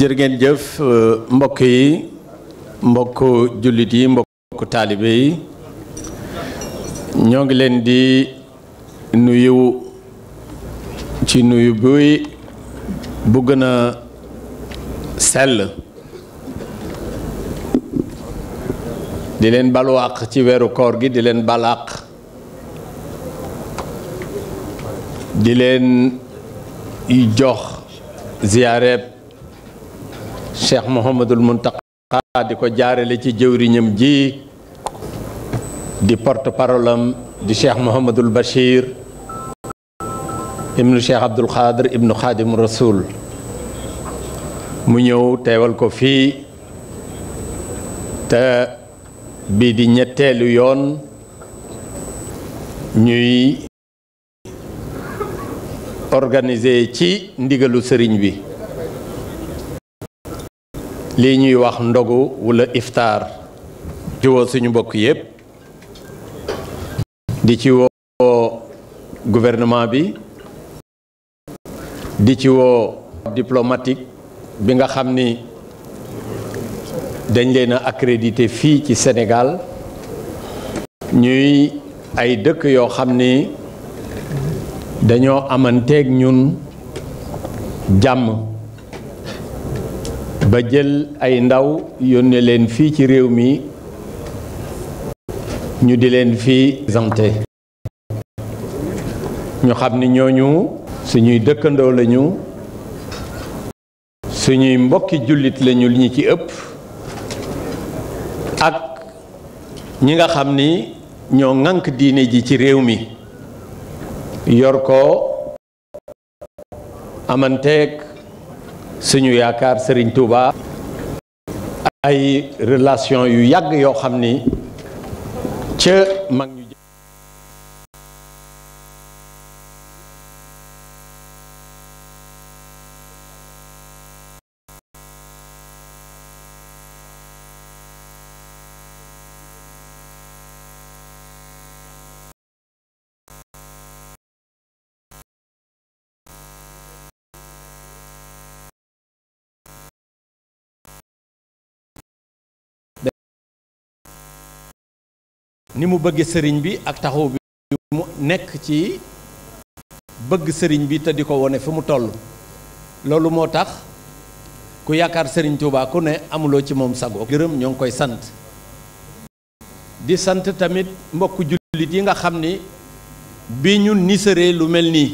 jërë jëf euh, mbokk yi mbokk jullit yi mbokk taalibe yi ñoo ngi leen di nuyu ci nuyu buy bu gën a sell di leen balu ci weeru koor gi di leen balu àq di leen jox ziyaareeb cheikh Mouhamadul Muntaqa di ko jaarale ci jëwriñam ji di porte parole di cheikh Mouhamadul Bachir ibnu cheikh Abdul Xaadir ibnu Xaadim Rasul mu ñëw teewal ko fii te bii di ñetteelu yoon ñuy organiser ci ndigalu sëriñ bi lii ñuy wax ndogu wala iftar ci suñu mbokk yépp di ci woo gouvernement bi di ci woo diplomatique bi nga xam ni dañ leen a accrédité fii ci Sénégal ñuy ay dëkk yoo xam ni dañoo amanteeg ñun jàmm ba jël ay ndaw yónnee leen fii ci réew mi ñu di leen fii présenté ñu xam ni ñooñu suñuy dëkkandoo lañu suñuy mbokki jullit lañu li ñu ci ëpp ak ñi nga xam ni ñoo ŋànk diine ji ci réew mi yor ko amanteeg suñu yaakaar Serigne Touba. ay relation yu yàgg yoo xam ni ca mag ni mu bëggee sëriñ bi ak taxaw bi mu nekk ci bëgg sëriñ bi te di ko wone fi mu toll loolu moo tax ku yaakaar sëriñ Touba ku ne amuloo ci moom sagoo gërëm ñoo ngi koy sant di sant tamit mbokk jullit yi nga xam ni bi ñu sëree lu mel nii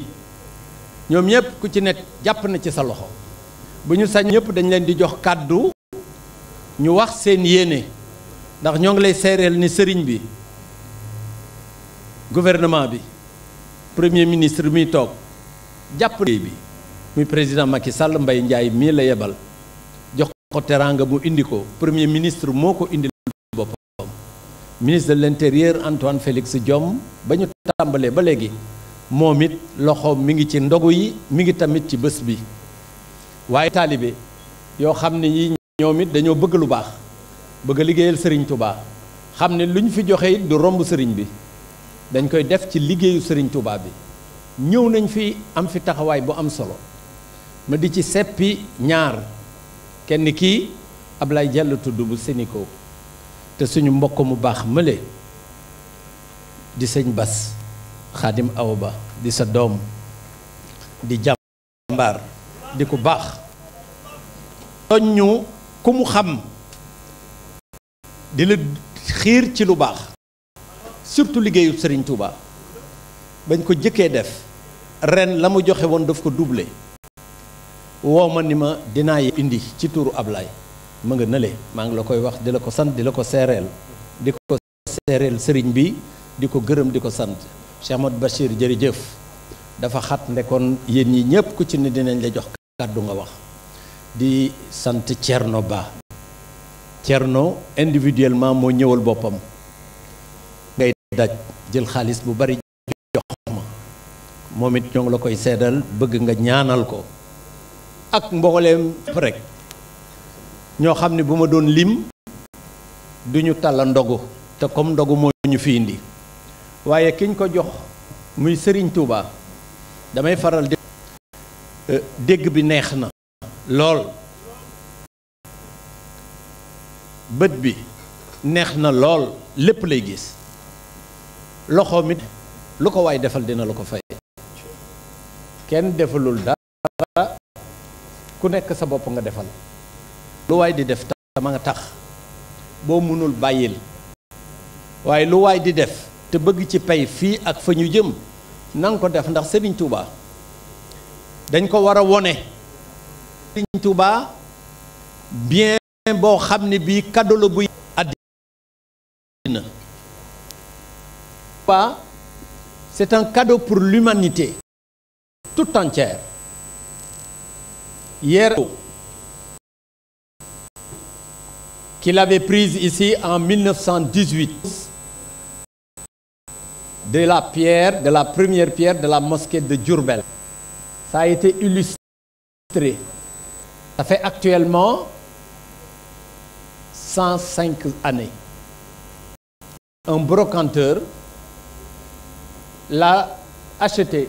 ñoom ñëpp ku ci nekk jàpp na ci sa loxo bu ñu sañ ñëpp dañ leen di jox kàddu ñu wax seen yéene ndax ñoo ngi lay seereel ni sëriñ bi gouvernement bi premier ministre mi toog jàpp bi muy président Macky Sall Mbaye Ndiaye mii la yebal jox ko teraanga mu indi ko premier ministre moo ko indi boppam ministre de l'intérieur Antoine Félix Diome ba ñu tàmbalee ba léegi moom it loxoom mi ngi ci ndogu yi mi ngi tamit ci bés bi waaye taalibe yoo xam ne yi ñoom it dañoo bëgg lu baax bëgg a liggéeyal sëriñ Touba xam ne lu ñu fi joxe it du romb sëriñ bi dañ koy def ci liggéeyu sëriñ tubaab bi ñëw nañ fi am fi taxawaay bu am solo ma di ci seppi ñaar kenn kii Ablaye Jàll tudd bu Sénico te suñu mbokk mu baax mële di sëñ Bas Xaadim Awa Ba di sa doom di jàmbaar di ku baax soññu ku mu xam di la xiir ci lu baax surtout liggéeyu Serigne Touba bañ ko jëkkee def ren la mu joxe woon daf ko doublé woo ma ni ma dinaa indi ci tuuru Ablaye mu nga nële maa ngi la koy wax di la ko sant di la ko seereel di ko seereel Serigne bi di ko gërëm di ko sant Cheikh Modou Bachir jërëjëf dafa xat ndekoon yéen ñi ñëpp ku ci ne dinañ la jox kàddu nga wax di sant Thierno Ba Thierno individuellement moo ñëwal boppam. daj jël xaalis bu bari jox ma moom it ñoo la koy seddal bëgg nga ñaanal ko ak mbooleem rek ñoo xam ne bu ma doon lim duñu ñu tàlla ndogu te kom ndogu moo ñu fi indi waaye kiñ ko jox muy sëriñ Touba damay faral di euh, dégg bi neex na lool bët bi neex na lool lépp lay gis loxo it lu ko defal dina la ko fay ken defalul dara ku nek sa bop nga defal lu way di def ma nga tax Wai munul bayil way lu way di def te beug ci pay nangko ak fañu jëm nang ko def ndax Serigne Touba dañ ko wara woné Serigne Touba bien bo xamni bi kadolo cadeau la c'est un cadeau pour l'humanité tout entière. Hier, qu'il avait prise ici en 1918 de la pierre, de la première pierre de la mosquée de Djurbel. Ça a été illustré. Ça fait actuellement 105 années. Un brocanteur l'a acheté,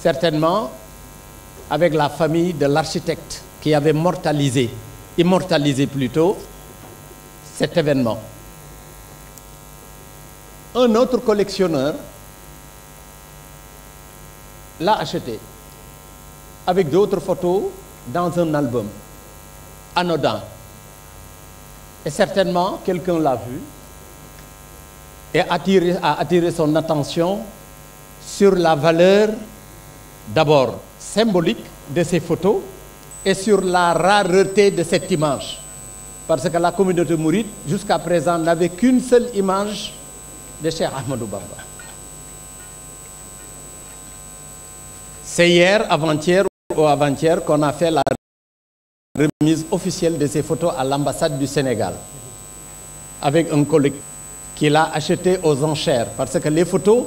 certainement avec la famille de l'architecte qui avait mortalisé, immortalisé plutôt, cet événement. Un autre collectionneur l'a acheté avec d'autres photos dans un album anodin. Et certainement, quelqu'un l'a vu et attirer, a attiré son attention sur la valeur d'abord symbolique de ces photos et sur la rareté de cette image. Parce que la communauté mouride, jusqu'à présent, n'avait qu'une seule image de Cheikh Ahmadou Bamba. C'est hier, avant-hier ou avant-hier qu'on a fait la remise officielle de ces photos à l'ambassade du Sénégal avec un collectif qu'il a acheté aux enchères. Parce que les photos,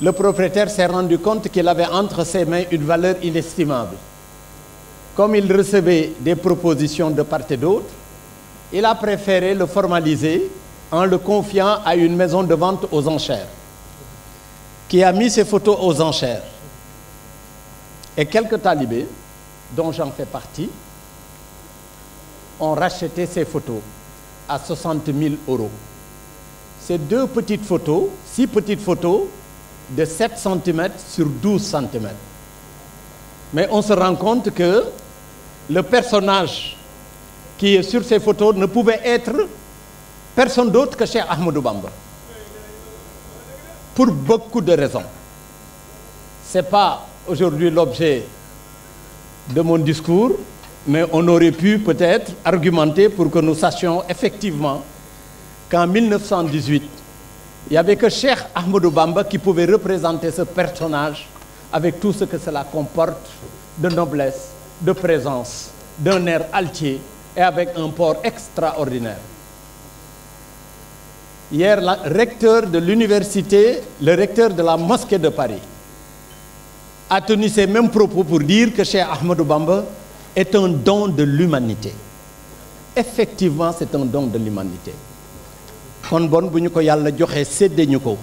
le propriétaire s'est rendu compte qu'il avait entre ses mains une valeur inestimable. Comme il recevait des propositions de part et d'autre, il a préféré le formaliser en le confiant à une maison de vente aux enchères, qui a mis ses photos aux enchères. Et quelques talibés, dont j'en fais partie, ont racheté ces photos à 60 000 euros c'est deux petites photos, six petites photos de 7 cm sur 12 cm. Mais on se rend compte que le personnage qui est sur ces photos ne pouvait être personne d'autre que chez Ahmadou Bamba. Pour beaucoup de raisons. Ce n'est pas aujourd'hui l'objet de mon discours, mais on aurait pu peut-être argumenter pour que nous sachions effectivement qu'en 1918, il n'y avait que Cheikh Ahmadou Bamba qui pouvait représenter ce personnage avec tout ce que cela comporte de noblesse, de présence, d'un air altier et avec un port extraordinaire. Hier, le recteur de l'université, le recteur de la mosquée de Paris, a tenu ces mêmes propos pour dire que Cheikh Ahmadou Bamba est un don de l'humanité. Effectivement, c'est un don de l'humanité. kon bon bu ñu ko yàlla joxee séddee ko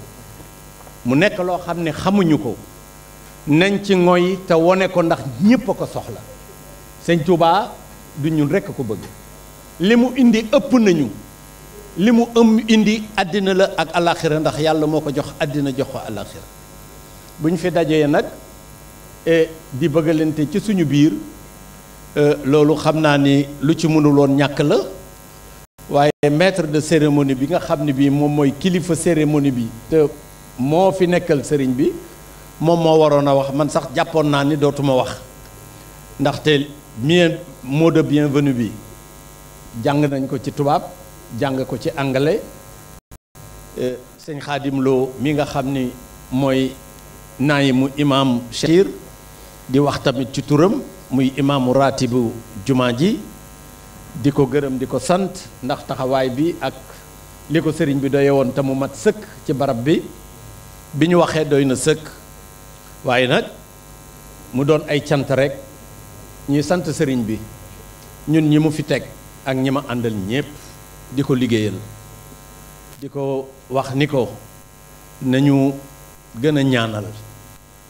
mu nekk loo xam ne xamuñu ko nañ ci ngoy te wone ko ndax ñépp a ko soxla sëñ Tuubaa du ñun rekk a ko bëgg li mu indi ëpp nañu li mu ëm indi àddina la ak alaxira ndax yàlla moo ko jox àddina jox ko alaxira bu ñu fi dajee nag e, di bëggalante ci suñu biir e, loolu xam naa ni lu ci mënuloon ñàkk la waaye maître de cérémonie bi nga xam ne bii moom mooy kilifa cérémonie bi te moo fi nekkal sëriñ bi moom moo waroon a wax man sax jàppoon naa ni dootuma wax ndaxte mien mot bien bienvenue bi jàng nañ ko ci tubaab jàng ko ci anglais euh, sëñ Xaadim mi nga xam ni mooy naay mu imam Chir di wax tamit ci turam muy imaamu raatibu jumaa ji di ko gërëm di ko sant ndax taxawaay bi ak li ko sëriñ bi doye woon tamu mat sëkk ci barab bi bi ñu waxee doy na sëkk waaye nag mu doon ay cant rek ñuy sant sëriñ bi ñun ñi mu fi teg ak ñi ma àndal ñépp di ko liggéeyal di ko wax ni ko nañu gën a ñaanal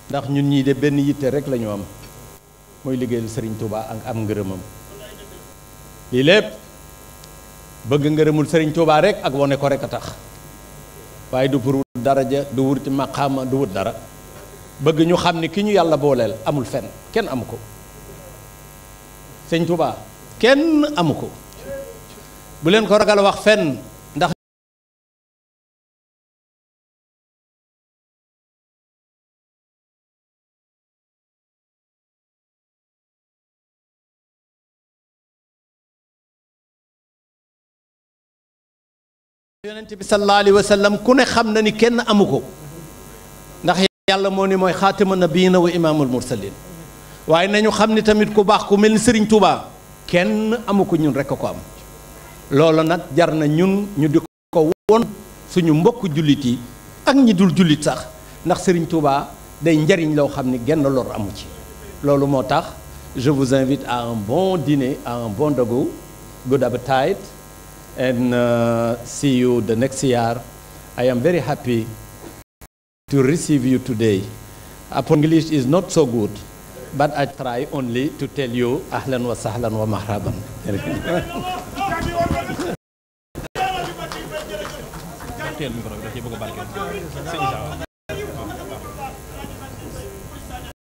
ndax ñun ñii de benn yitte rek lañu am mooy liggéeyal sëriñ Touba ak am ngërëmam lii lépp bëgg ngërëmul sëriñ Tuubaa rek ak wone ko rek a tax waaye du pour wut daraja du wuti maqaama du wut dara bëgg ñu xam ni ki ñu yàlla booleel amul fenn kenn amu ko sëñ kenn amu ko bu leen ko ragal wax fenn yonent bi sallallahu alayhi wa sallam ku ne xam na ni kenn amu ndax yàlla moo ni mooy xaatima nabiyina wa imaamul mursalin waaye nañu xam ni tamit ku baax ku mel ni Serigne Touba kenn amu ko ñun rek a ko am loolu nag jar na ñun ñu di won suñu mbokk jullit yi ak ñi dul jullit sax ndax Serigne Touba day njariñ loo xam genn lor amu ci loolu moo je vous invite à un bon dîner à un bon dogu good appetite and uh, see you the next year. I am very happy to receive you today. Upon English is not so good, but I try only to tell you ahlan wa sahlan wa mahraban. teel micro bi daf ci bëgg a barkeel sëñ